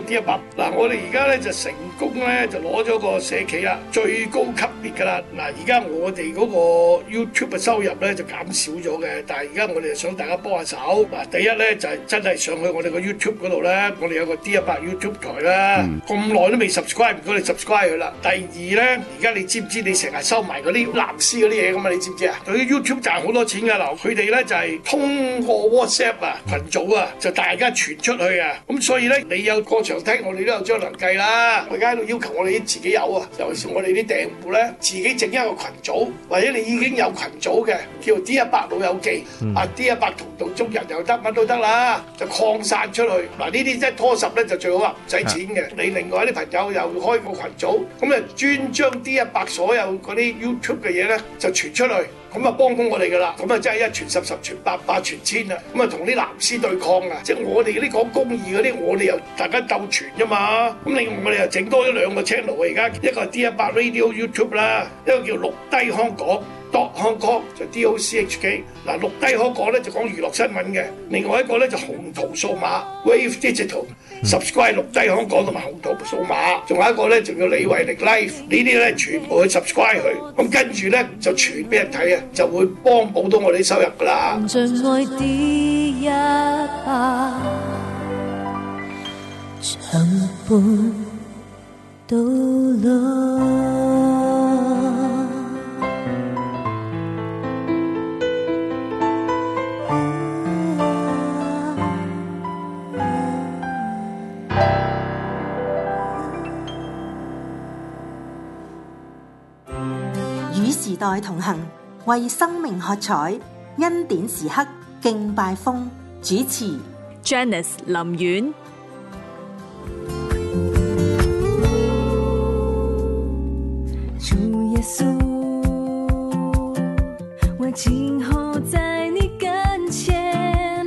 啲一百嗱，我哋而家咧就成功咧就攞咗個社企啦，最高級別噶啦。嗱，而家我哋嗰個 YouTube 嘅收入咧就減少咗嘅，但係而家我哋就想大家幫下手。嗱，第一咧就係、是、真係上去我哋個 YouTube 度咧，我哋有個 D 一百 YouTube 台咧，咁耐、嗯、都未 subscribe，唔果你 subscribe 佢啦。第二咧，而家你知唔知你成日收埋嗰啲藍絲嗰啲嘢咁嘛？你知唔知對、就是、啊？嗰啲 YouTube 賺好多錢噶嗱，佢哋咧就係通過 WhatsApp 啊群組啊，就大家傳出去啊。咁、嗯、所以咧，你有個長梯我哋都有張良計啦，我而家喺度要求我哋自己有啊，尤其是我哋啲訂戶咧，自己整一個群組，或者你已經有群組嘅，叫 D 一百老友記啊、嗯、，D 一百同道中人又得，乜都得啦，就擴散出去。嗱，呢啲即係拖十咧就最好啦，唔使錢嘅。啊、你另外啲朋友又開個群組，咁啊專將 D 一百所有嗰啲 YouTube 嘅嘢咧就傳出去。咁啊幫工我哋噶啦，咁啊真係一傳十十傳百百傳千啊！咁啊同啲藍絲對抗啊，即係我哋啲講公義嗰啲，我哋又大家鬥傳啫嘛！咁另外我哋又整多咗兩個 channel 喎、啊，而家一個 D 一百 Radio YouTube 啦，一個叫錄低香港。dot Hong Kong 就 DOC HK 嗱，錄低嗰個咧就講娛樂新聞嘅，另外一個咧就紅桃數碼 Wave Digital subscribe 錄低香港同埋紅桃數碼，仲有一個咧仲有李慧玲 Life 呢啲咧全部去 subscribe 佢，咁跟住咧就傳俾人睇啊，就會幫補到我哋收入噶啦。時代同行，為生命喝彩，恩典時刻敬拜風。主持 Janice 林苑，主耶穌，我靜候在你跟前，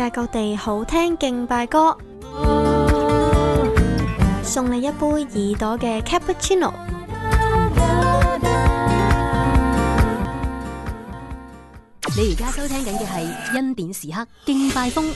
世界各地好聽敬拜歌，送你一杯耳朵嘅 cappuccino。你而家收聽緊嘅係恩典時刻敬拜風。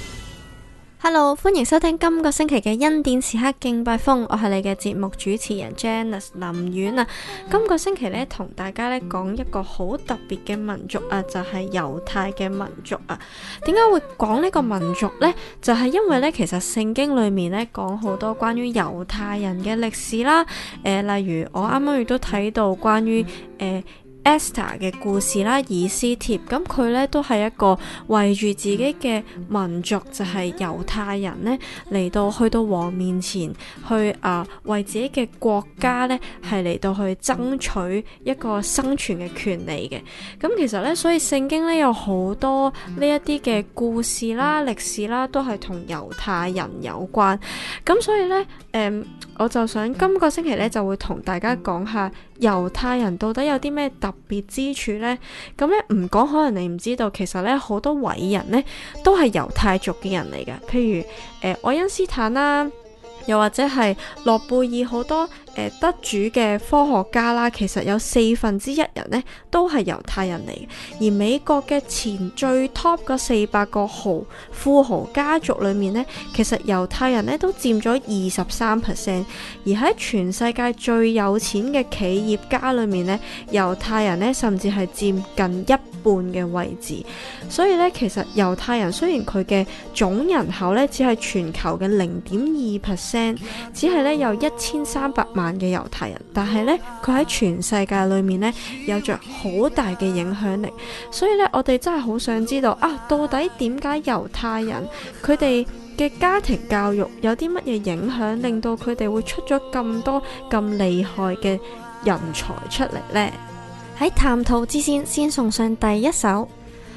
Hello，歡迎收聽今個星期嘅恩典時刻敬拜風，我係你嘅節目主持人 Janice 林苑啊。今個星期呢，同大家咧講一個好特別嘅民族啊，就係、是、猶太嘅民族啊。點解會講呢個民族呢？就係、是、因為呢，其實聖經裏面呢講好多關於猶太人嘅歷史啦。誒、呃，例如我啱啱亦都睇到關於誒。呃 Esther 嘅故事啦，以斯帖，咁佢咧都係一個為住自己嘅民族，就係、是、猶太人咧嚟到去到王面前，去啊、呃、為自己嘅國家咧係嚟到去爭取一個生存嘅權利嘅。咁其實咧，所以聖經咧有好多呢一啲嘅故事啦、歷史啦，都係同猶太人有關。咁所以咧，誒、嗯，我就想今個星期咧就會同大家講下。猶太人到底有啲咩特別之處呢？咁咧唔講，可能你唔知道。其實咧，好多偉人呢都係猶太族嘅人嚟嘅，譬如誒、呃、愛因斯坦啦，又或者係諾貝爾好多。誒得主嘅科學家啦，其實有四分之一人呢都係猶太人嚟。而美國嘅前最 top 嗰四百個豪富豪家族裏面呢，其實猶太人呢都佔咗二十三 percent。而喺全世界最有錢嘅企業家裏面呢，猶太人呢甚至係佔近一半嘅位置。所以呢，其實猶太人雖然佢嘅總人口呢只係全球嘅零點二 percent，只係呢有一千三百萬嘅猶太人，但係呢，佢喺全世界裏面呢，有着好大嘅影響力，所以呢，我哋真係好想知道啊，到底點解猶太人佢哋嘅家庭教育有啲乜嘢影響，令到佢哋會出咗咁多咁厲害嘅人才出嚟呢？喺探討之先，先送上第一首。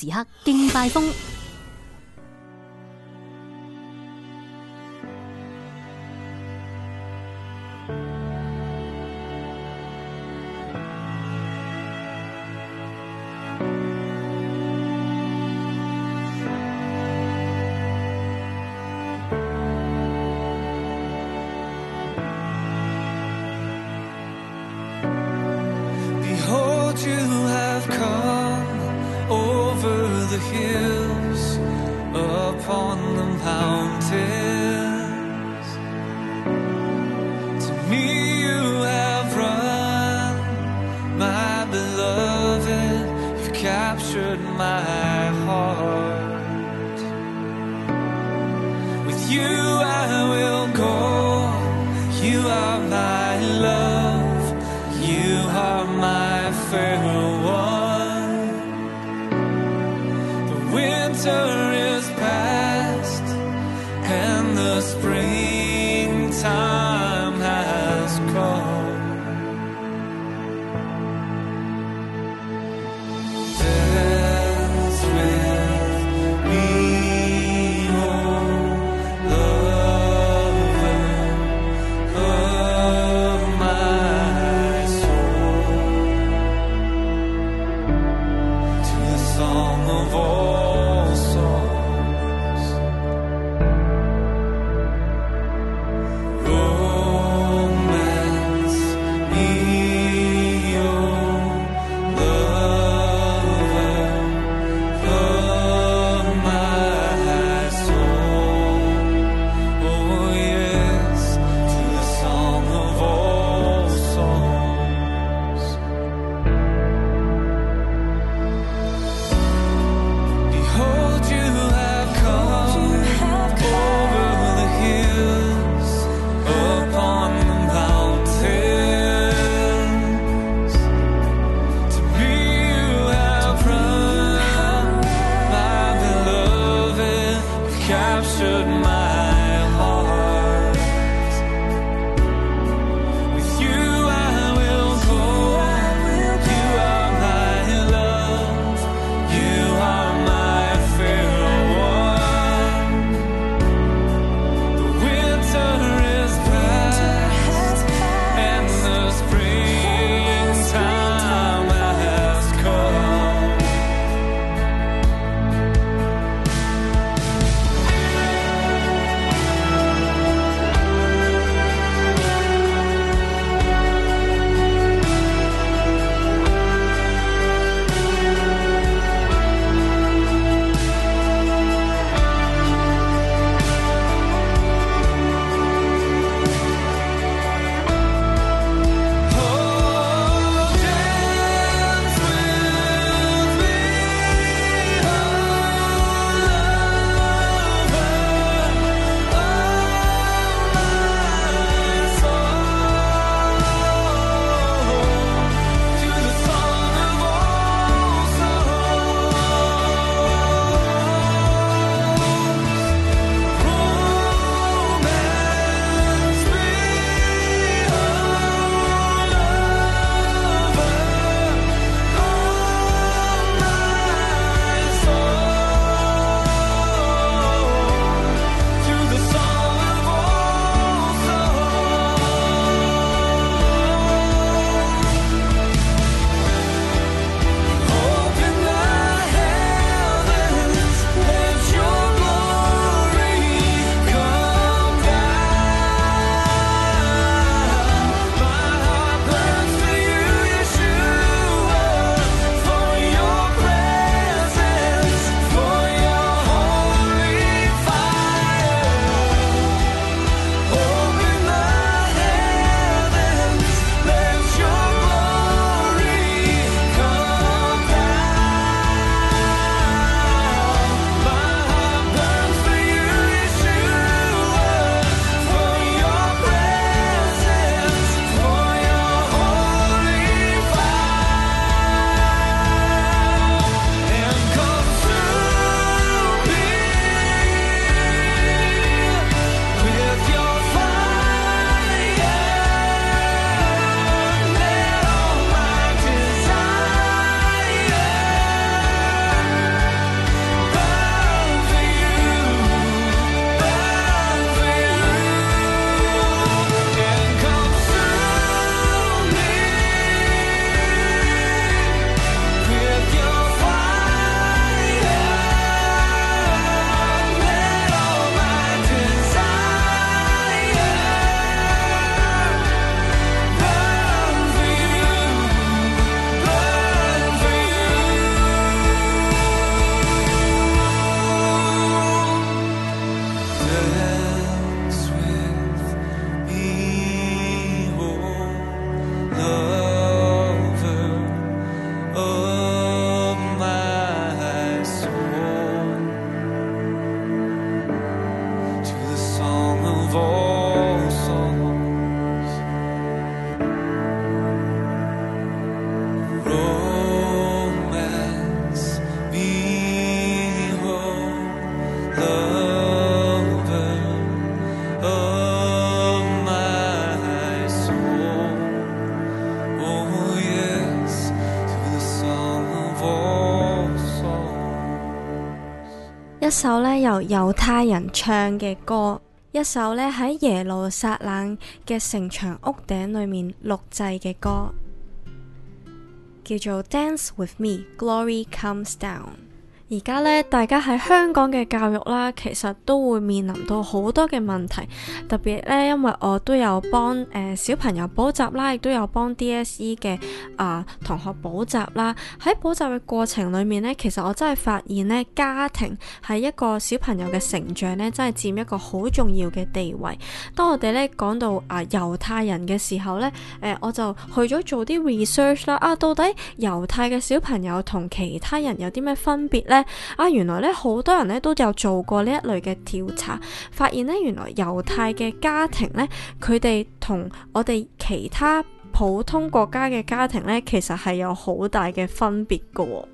時刻敬拜風。一首咧由猶太人唱嘅歌，一首咧喺耶路撒冷嘅城牆屋頂裏面錄製嘅歌，叫做《Dance with Me》，Glory comes down。而家咧，大家喺香港嘅教育啦，其實都會面臨到好多嘅問題，特別咧，因為我都有幫誒、呃、小朋友補習啦，亦都有幫 DSE 嘅啊、呃、同學補習啦。喺補習嘅過程裏面咧，其實我真係發現咧，家庭喺一個小朋友嘅成長咧，真係佔一個好重要嘅地位。當我哋咧講到啊、呃、猶太人嘅時候咧，誒、呃、我就去咗做啲 research 啦。啊，到底猶太嘅小朋友同其他人有啲咩分別咧？啊，原來咧好多人咧都有做過呢一類嘅調查，發現咧原來猶太嘅家庭咧，佢哋同我哋其他普通國家嘅家庭咧，其實係有好大嘅分別噶、哦。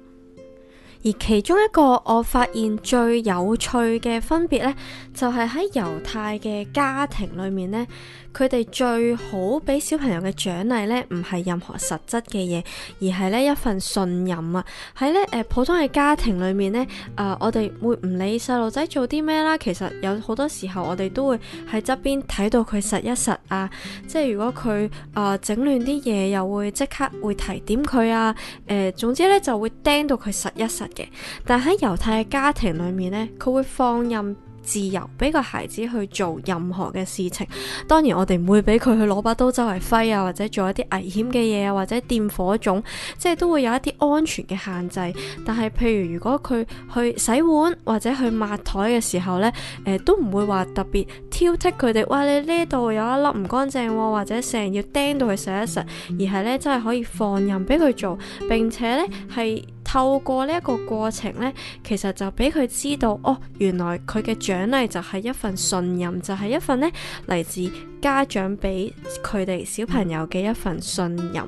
而其中一個我發現最有趣嘅分別咧，就係、是、喺猶太嘅家庭裏面咧。佢哋最好俾小朋友嘅獎勵呢，唔係任何實質嘅嘢，而係呢一份信任啊！喺呢誒、呃、普通嘅家庭裏面呢，啊、呃、我哋會唔理細路仔做啲咩啦，其實有好多時候我哋都會喺側邊睇到佢實一實啊，即係如果佢啊整亂啲嘢，呃、又會即刻會提點佢啊，誒、呃、總之呢，就會釘到佢實一實嘅。但喺猶太嘅家庭裏面呢，佢會放任。自由俾個孩子去做任何嘅事情，當然我哋唔會俾佢去攞把刀周圍揮啊，或者做一啲危險嘅嘢啊，或者掂火種，即係都會有一啲安全嘅限制。但係譬如如果佢去洗碗或者去抹台嘅時候呢，誒、呃、都唔會話特別挑剔佢哋，哇你呢度有一粒唔乾淨喎，或者成日要釘到佢食一食，而係呢真係可以放任俾佢做，並且呢係。透過呢一個過程呢，其實就俾佢知道哦，原來佢嘅獎勵就係一份信任，就係、是、一份呢嚟自家長俾佢哋小朋友嘅一份信任。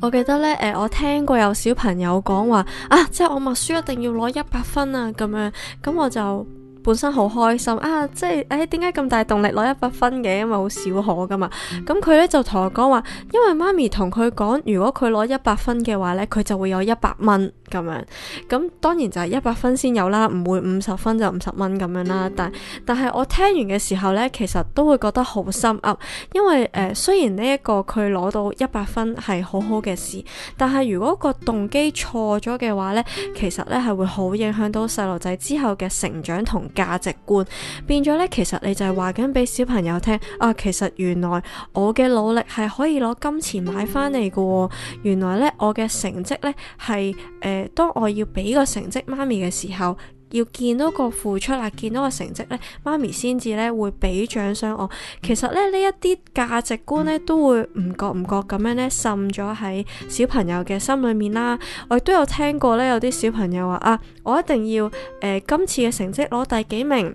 我記得呢，誒、呃，我聽過有小朋友講話啊，即係我默書一定要攞一百分啊，咁樣，咁我就。本身好開心啊！即係誒點解咁大動力攞一百分嘅？因為好少可㗎嘛。咁佢咧就同我講話，因為媽咪同佢講，如果佢攞一百分嘅話咧，佢就會有一百蚊。咁樣，咁當然就係一百分先有啦，唔會五十分就五十蚊咁樣啦。但但係我聽完嘅時候呢，其實都會覺得好心噏，因為誒、呃、雖然呢一個佢攞到一百分係好好嘅事，但係如果個動機錯咗嘅話呢，其實呢係會好影響到細路仔之後嘅成長同價值觀。變咗呢，其實你就係話緊俾小朋友聽啊，其實原來我嘅努力係可以攞金錢買翻嚟噶，原來呢，我嘅成績呢係誒。當我要俾個成績媽咪嘅時候，要見到個付出啦，見到個成績咧，媽咪先至咧會俾獎賞我。其實咧呢一啲價值觀咧都會唔覺唔覺咁樣咧滲咗喺小朋友嘅心裏面啦。我亦都有聽過咧，有啲小朋友話啊，我一定要誒、呃、今次嘅成績攞第幾名。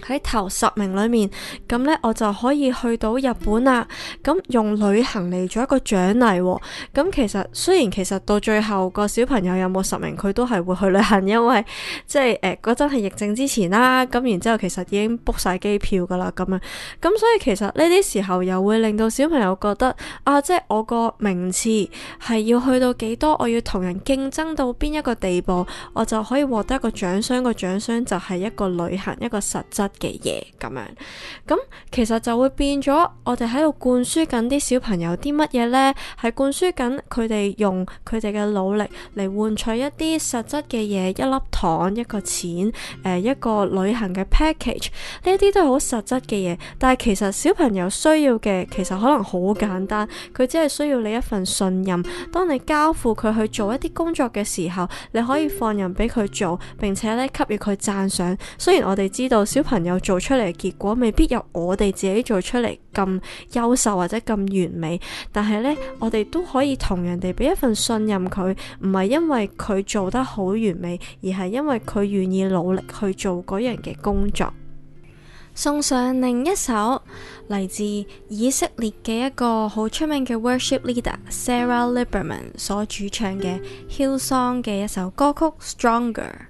喺頭十名裏面，咁呢，我就可以去到日本啦。咁用旅行嚟做一個獎勵喎。咁其實雖然其實到最後個小朋友有冇十名，佢都係會去旅行，因為即係誒嗰陣係疫症之前啦。咁然之後其實已經 book 晒機票噶啦，咁樣。咁所以其實呢啲時候又會令到小朋友覺得啊，即係我個名次係要去到幾多，我要同人競爭到邊一個地步，我就可以獲得一個獎賞。個獎賞就係一個旅行，一個實質嘅嘢咁樣，咁其實就會變咗，我哋喺度灌輸緊啲小朋友啲乜嘢呢？係灌輸緊佢哋用佢哋嘅努力嚟換取一啲實質嘅嘢，一粒糖、一個錢、誒、呃、一個旅行嘅 package，呢一啲都係好實質嘅嘢。但係其實小朋友需要嘅，其實可能好簡單，佢只係需要你一份信任。當你交付佢去做一啲工作嘅時候，你可以放任俾佢做，並且咧給予佢讚賞。雖然我哋知道小朋友。有做出嚟嘅結果未必有我哋自己做出嚟咁優秀或者咁完美，但係呢，我哋都可以同人哋俾一份信任佢，唔係因為佢做得好完美，而係因為佢願意努力去做嗰樣嘅工作。送上另一首嚟自以色列嘅一個好出名嘅 worship leader Sarah Liberman 所主唱嘅 Hillsong 嘅一首歌曲 Stronger。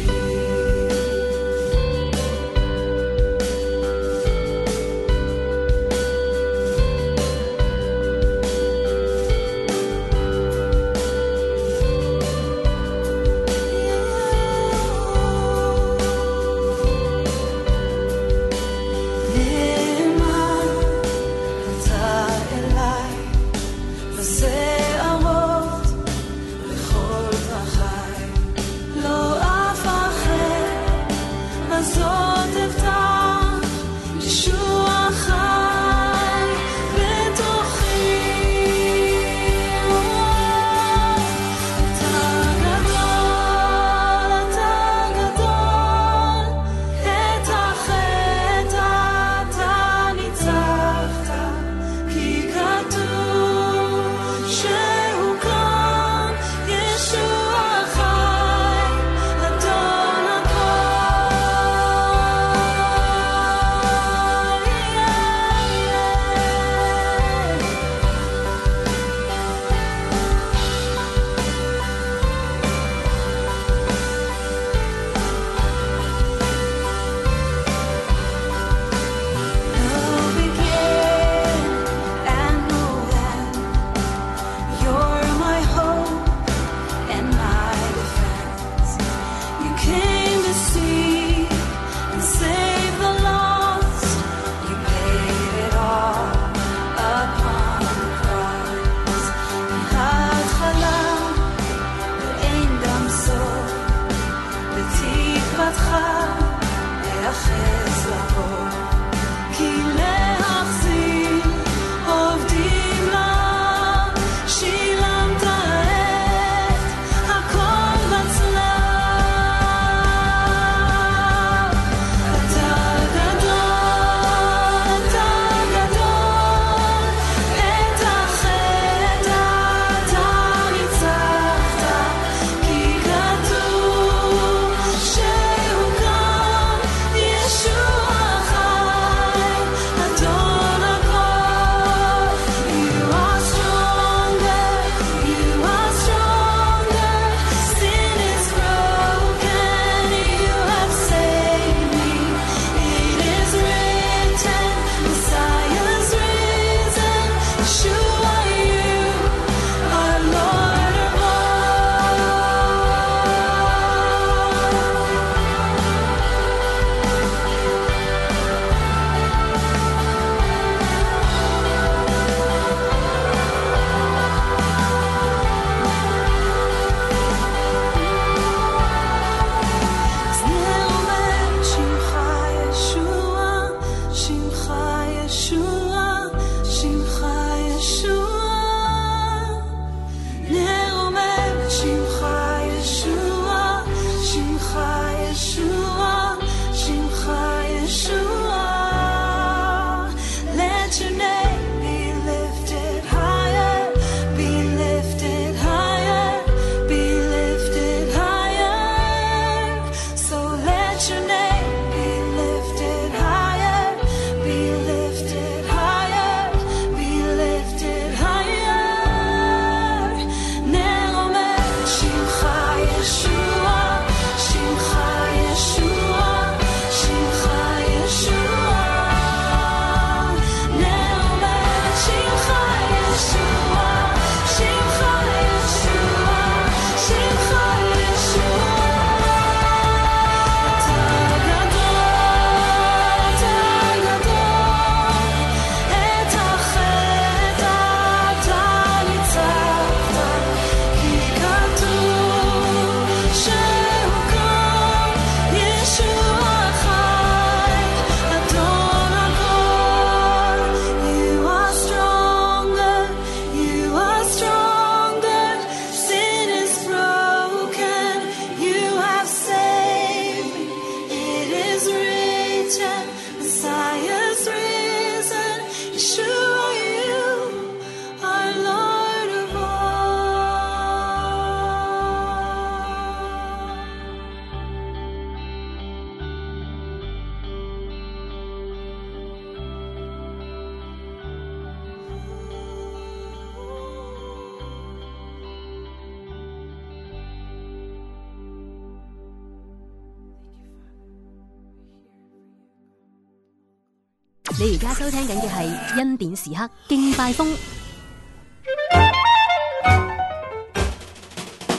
恩典時刻敬快風，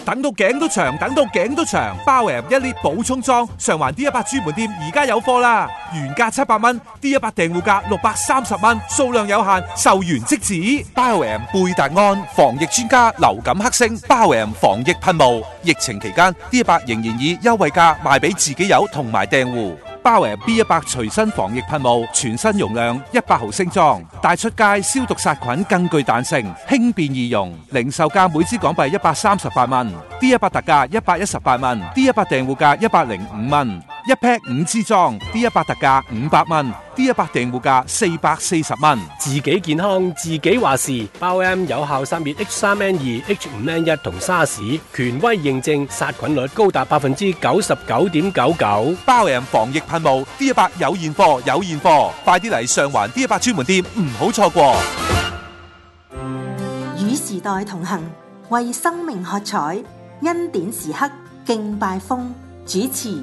等到頸都長，等到頸都長。包 M 一列補充裝，上環 D 一百專門店而家有貨啦，原價七百蚊，D 一百訂戶價六百三十蚊，數量有限，售完即止。包 M 貝達安防疫專家，流感克星，包 M 防疫噴霧，疫情期間 D 一百仍然以優惠價賣俾自己友同埋訂戶。包圍 B 一百隨身防疫噴霧，全身容量一百毫升裝，帶出街消毒殺菌更具彈性，輕便易用。零售價每支港幣一百三十八蚊，D 一百特價一百一十八蚊，D 一百訂戶價一百零五蚊。一 p 五支裝，D 一百特價五百蚊，D 一百訂戶價四百四十蚊。自己健康，自己話事。包 M 有效殺滅 H 三 N 二、H 五 N 一同沙士，權威認證，殺菌率高達百分之九十九點九九。包 M 防疫噴霧，D 一百有現貨，有現貨，快啲嚟上環 D 一百專門店，唔好錯過。與時代同行，為生命喝彩，恩典時刻敬拜風主持。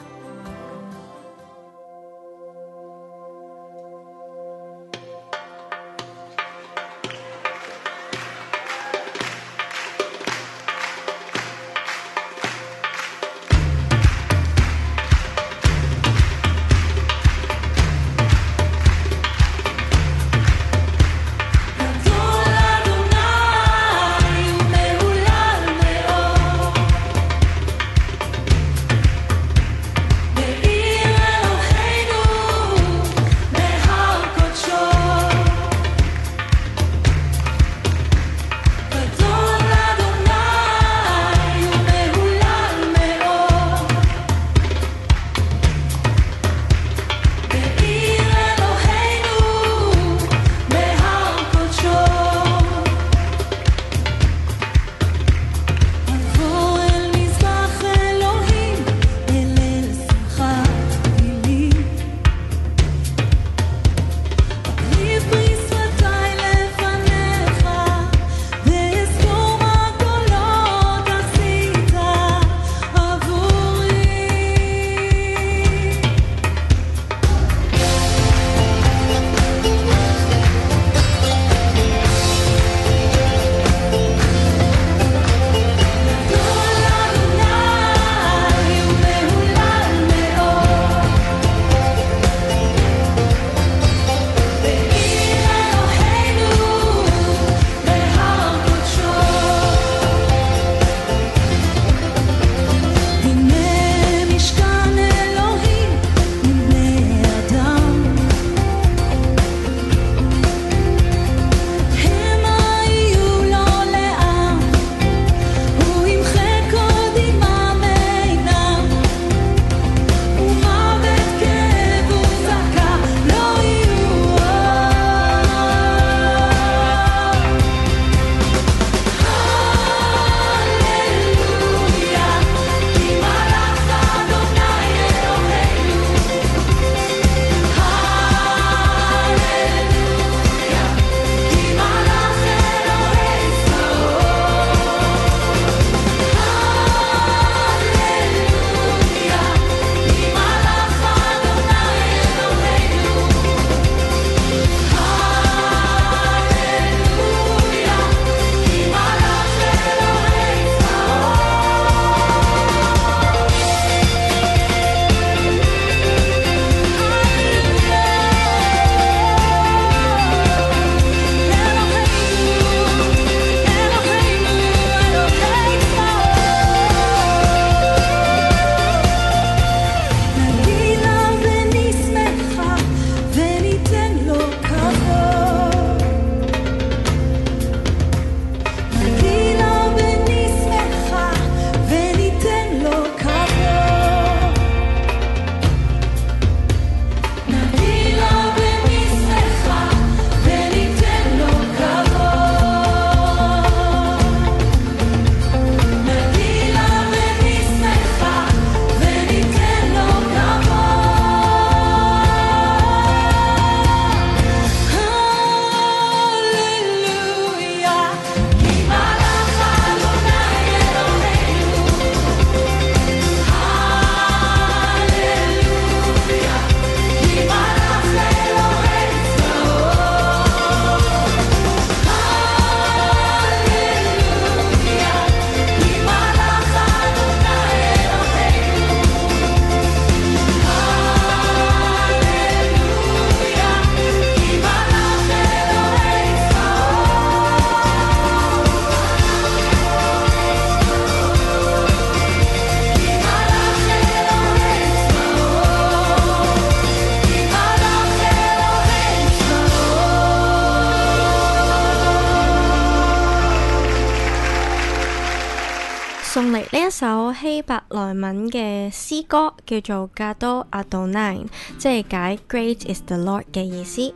希伯來文嘅詩歌叫做 Gadol Adonai 加多阿道奈，即係解 Great is the Lord 嘅意思。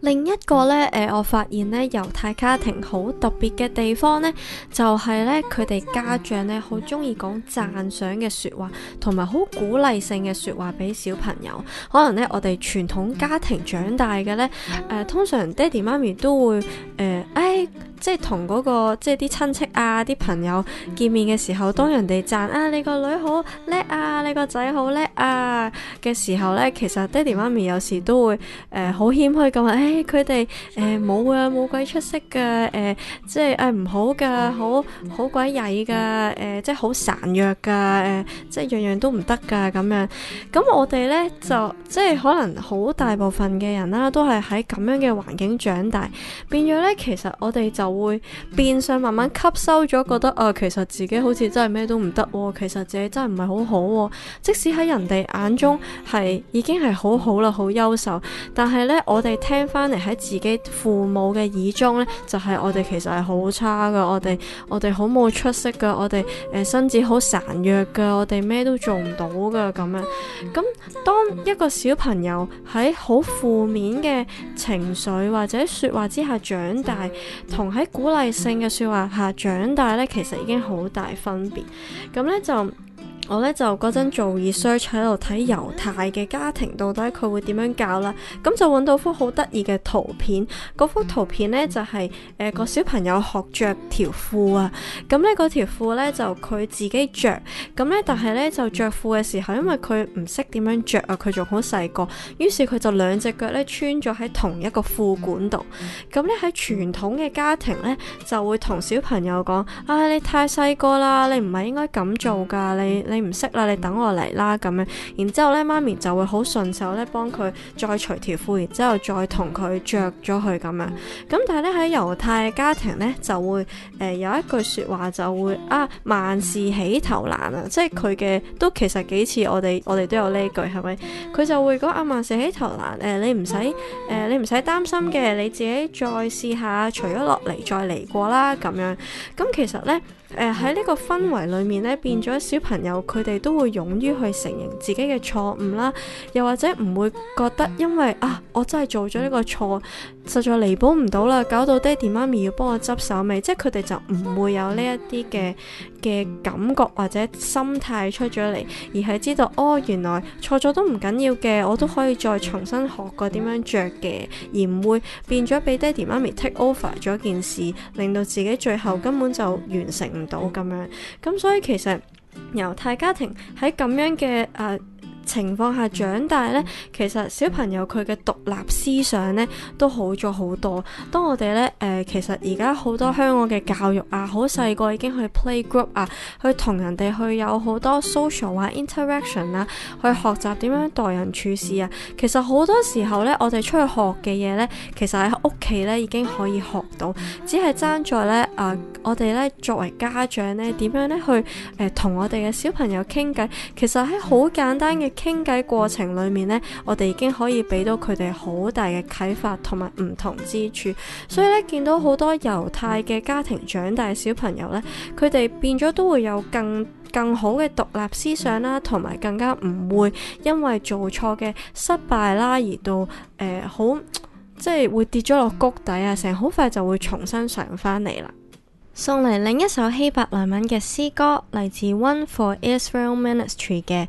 另一個呢，誒、呃，我發現呢，猶太家庭好特別嘅地方呢，就係呢，佢哋家長呢好中意講讚賞嘅說話，同埋好鼓勵性嘅說話俾小朋友。可能呢，我哋傳統家庭長大嘅呢，誒、呃，通常爹哋媽咪都會誒、呃，哎。即係同嗰個即係啲親戚啊、啲朋友見面嘅時候，當人哋讚啊，你個女好叻啊，你個仔好叻啊嘅、啊、時候呢，其實爹哋媽咪有時都會誒好、呃、謙虛咁話，誒佢哋誒冇啊，冇鬼出色噶，誒、呃、即係誒唔好噶，好好鬼曳噶，誒、呃、即係好孱弱噶，誒、呃、即係樣樣都唔得噶咁樣。咁我哋呢，就即係可能好大部分嘅人啦、啊，都係喺咁樣嘅環境長大，變咗呢，其實我哋就。會變相慢慢吸收咗，覺得、呃、啊，其實自己好似真係咩都唔得，其實自己真係唔係好好。即使喺人哋眼中係已經係好好啦，好優秀，但係呢，我哋聽返嚟喺自己父母嘅耳中呢，就係、是、我哋其實係好差噶，我哋我哋好冇出息噶，我哋誒、呃、身子好孱弱噶，我哋咩都做唔到噶咁樣。咁當一個小朋友喺好負面嘅情緒或者說話之下長大，同。喺鼓勵性嘅説話下長大咧，其實已經好大分別。咁咧就～我咧就嗰陣做 research 喺度睇猶太嘅家庭到底佢會點樣教啦，咁就揾到幅好得意嘅圖片，嗰幅圖片呢，就係、是、誒、呃嗰個小朋友學着條褲啊，咁呢嗰條褲咧就佢自己着。咁呢，但係呢，就着褲嘅時候，因為佢唔識點樣着啊，佢仲好細個，於是佢就兩隻腳呢穿咗喺同一個褲管度，咁呢，喺傳統嘅家庭呢，就會同小朋友講：唉、哎，你太細個啦，你唔係應該咁做㗎，你。你你唔識啦，你等我嚟啦咁樣，然之後咧，媽咪就會好順手咧，幫佢再除條褲，然之後再同佢着咗佢咁樣。咁但係呢，喺猶太嘅家庭呢，就會誒、呃、有一句說話就會啊萬事起頭難啊，即係佢嘅都其實幾似我哋我哋都有呢句係咪？佢就會講啊萬事起頭難誒、呃，你唔使誒你唔使擔心嘅，你自己再試下除咗落嚟，再嚟過啦咁樣。咁其實呢。誒，喺呢個氛圍裏面咧，變咗小朋友佢哋都會勇於去承認自己嘅錯誤啦，又或者唔會覺得因為啊，我真係做咗呢個錯，實在彌補唔到啦，搞到爹哋媽咪要幫我執手尾，即係佢哋就唔會有呢一啲嘅嘅感覺或者心態出咗嚟，而係知道哦，原來錯咗都唔緊要嘅，我都可以再重新學過點樣着嘅，而唔會變咗俾爹哋媽咪 take over 咗件事，令到自己最後根本就完成唔到咁樣，咁所以其實猶太家庭喺咁樣嘅誒、呃情況下長大呢，其實小朋友佢嘅獨立思想呢都好咗好多。當我哋呢，誒、呃，其實而家好多香港嘅教育啊，好細個已經去 playgroup 啊，去同人哋去有好多 social 啊 interaction 啊，去學習點樣待人處事啊。其實好多時候呢，我哋出去學嘅嘢呢，其實喺屋企呢已經可以學到，只係爭在呢，誒、呃，我哋呢作為家長呢，點樣呢去誒同、呃、我哋嘅小朋友傾偈。其實喺好簡單嘅。傾偈過程裏面呢，我哋已經可以俾到佢哋好大嘅啟發，同埋唔同之處。所以咧，見到好多猶太嘅家庭長大小朋友呢，佢哋變咗都會有更更好嘅獨立思想啦，同埋更加唔會因為做錯嘅失敗啦而到誒好、呃、即係會跌咗落谷底啊，成好快就會重新上返嚟啦。送嚟另一首希伯來文嘅詩歌，嚟自 One for Israel Ministry 嘅。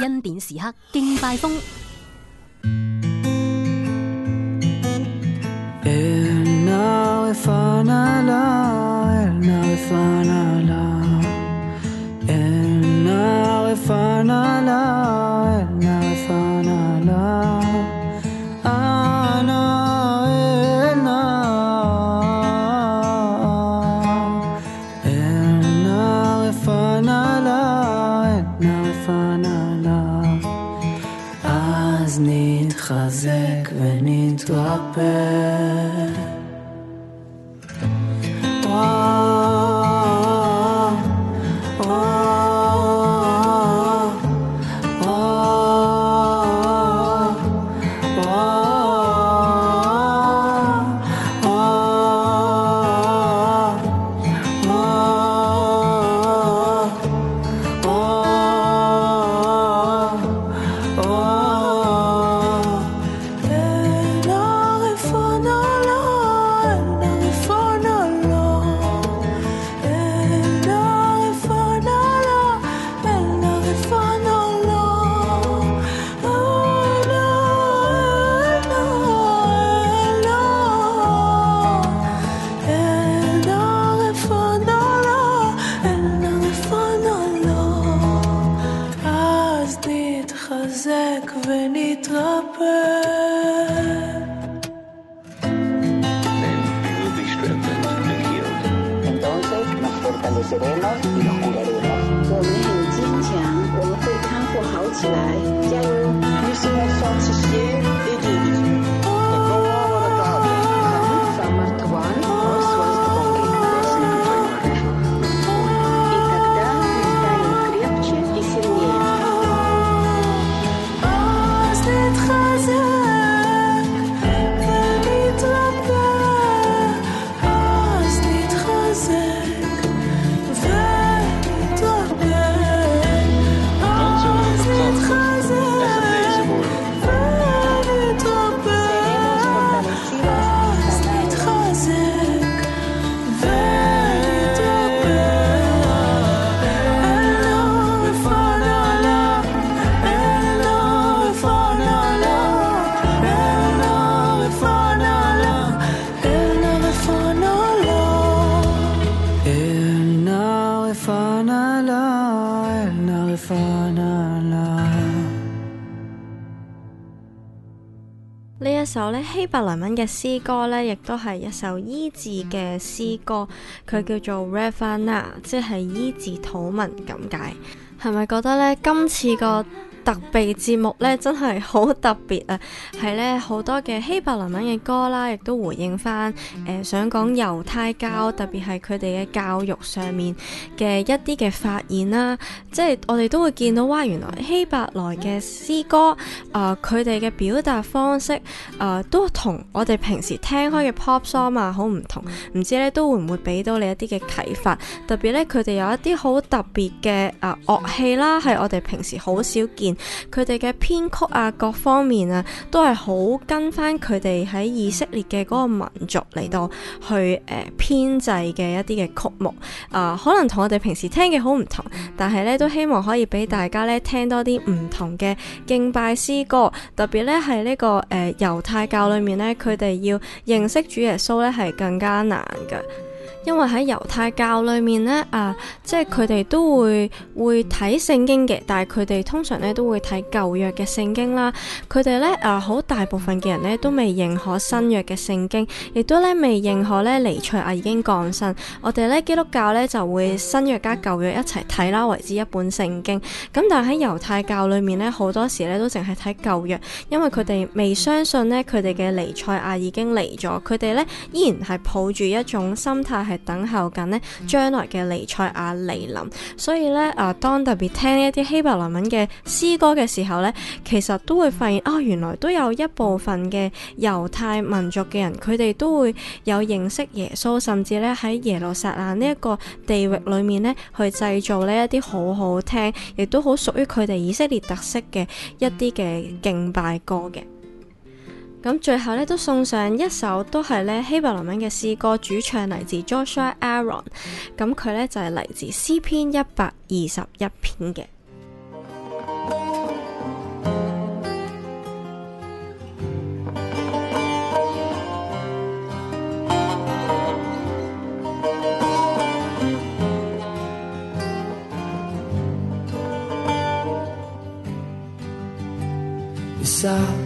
恩典時刻，敬拜風。白蘭文嘅詩歌呢，亦都係一首醫治嘅詩歌，佢叫做 Rafana 即係醫治土文咁解，係咪覺得呢？今次個特別節目咧，真係好特別啊！係咧，好多嘅希伯來文嘅歌啦，亦都回應翻誒、呃，想講猶太教，特別係佢哋嘅教育上面嘅一啲嘅發現啦。即係我哋都會見到哇，原來希伯來嘅詩歌啊，佢哋嘅表達方式啊、呃，都同我哋平時聽開嘅 pop song 啊好唔同。唔知咧，都會唔會俾到你一啲嘅啟發？特別呢，佢哋有一啲好特別嘅啊樂器啦，係我哋平時好少見。佢哋嘅編曲啊，各方面啊，都係好跟翻佢哋喺以色列嘅嗰個民族嚟到去誒編、呃、製嘅一啲嘅曲目啊、呃，可能同我哋平時聽嘅好唔同，但係咧都希望可以俾大家咧聽多啲唔同嘅敬拜詩歌，特別咧係呢、個誒猶、呃、太教裏面咧，佢哋要認識主耶穌咧係更加難噶。因為喺猶太教裏面、呃、呢，啊，即係佢哋都會會睇聖經嘅，但係佢哋通常咧都會睇舊約嘅聖經啦。佢哋咧啊，好、呃、大部分嘅人咧都未認可新約嘅聖經，亦都咧未認可咧尼賽亞已經降生。我哋咧基督教咧就會新約加舊約一齊睇啦，為之一本聖經。咁但係喺猶太教裏面咧，好多時咧都淨係睇舊約，因為佢哋未相信咧佢哋嘅尼賽亞已經嚟咗，佢哋咧依然係抱住一種心態係。等候緊咧，將來嘅彌賽亞嚟臨，所以呢，啊，當特別聽一啲希伯來文嘅詩歌嘅時候呢，其實都會發現啊、哦，原來都有一部分嘅猶太民族嘅人，佢哋都會有認識耶穌，甚至咧喺耶路撒冷呢一個地域裏面呢去製造呢一啲好好聽，亦都好屬於佢哋以色列特色嘅一啲嘅敬拜歌嘅。咁最後咧，都送上一首都係咧 希伯來文嘅詩歌，主唱嚟自 Joshua Aaron，咁佢咧就係、是、嚟自詩篇一百二十一篇嘅。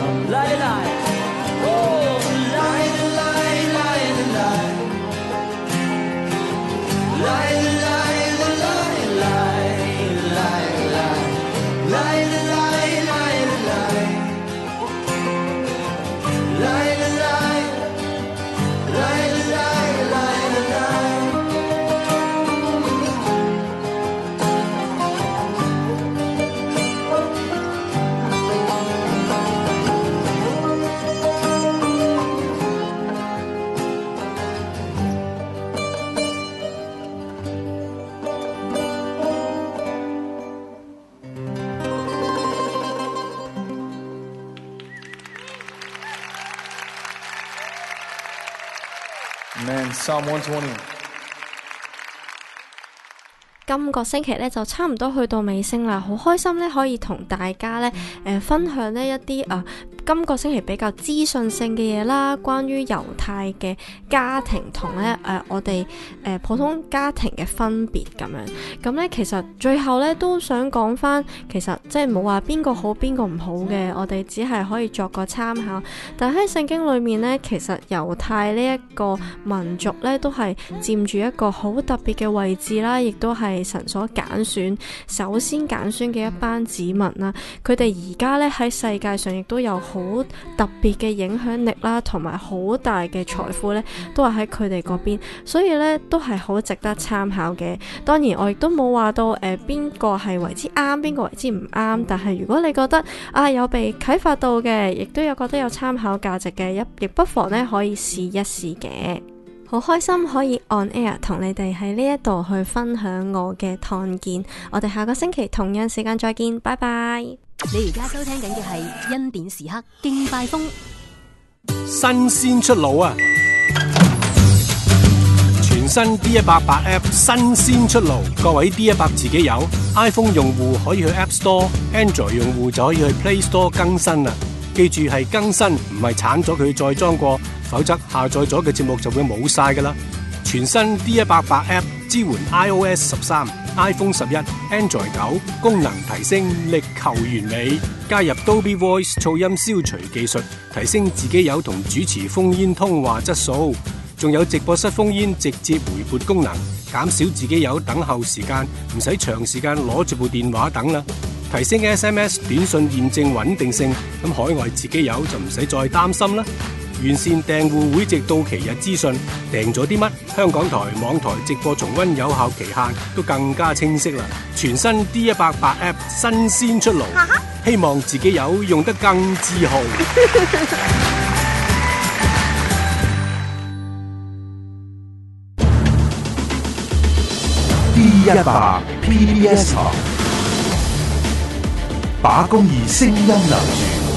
今個星期呢，就差唔多去到尾聲啦，好開心呢，可以同大家呢誒、呃、分享呢一啲啊。呃今個星期比較資訊性嘅嘢啦，關於猶太嘅家庭同咧誒我哋誒、呃、普通家庭嘅分別咁樣，咁咧其實最後咧都想講返，其實即係冇話邊個好邊個唔好嘅，我哋只係可以作個參考。但喺聖經裏面呢，其實猶太呢一個民族咧都係佔住一個好特別嘅位置啦，亦都係神所揀選，首先揀選嘅一班子民啦。佢哋而家咧喺世界上亦都有好好特別嘅影響力啦，同埋好大嘅財富呢，都係喺佢哋嗰邊，所以呢，都係好值得參考嘅。當然我亦都冇話到誒邊個係為之啱，邊個為之唔啱。但係如果你覺得啊有被啟發到嘅，亦都有覺得有參考價值嘅一，亦不妨呢，可以試一試嘅。好開心可以 on air 同你哋喺呢一度去分享我嘅探見，我哋下個星期同樣時間再見，拜拜。你而家收聽緊嘅係恩典時刻敬拜風，新鮮出爐啊！全新 D 一百八 App 新鮮出爐，各位 D 一百自己有，iPhone 用戶可以去 App Store，Android 用戶就可以去 Play Store 更新啦、啊。記住係更新，唔係鏟咗佢再裝過。否則下載咗嘅節目就會冇晒噶啦！全新 D 一百八 App 支援 iOS 十三、iPhone 十一、Android 九，功能提升力求完美，加入 Dolby Voice 噪音消除技術，提升自己友同主持烽煙通話質素，仲有直播室烽煙直接回撥功能，減少自己友等候時間，唔使長時間攞住部電話等啦。提升 SMS 短信驗證穩定性，咁海外自己友就唔使再擔心啦。完善訂戶會籍到期日資訊，訂咗啲乜？香港台、網台直播重溫有效期限都更加清晰啦！全新 D 一百八 App 新鮮出爐，希望自己有用得更自豪。 D 一百 PBS 把公義聲音留住。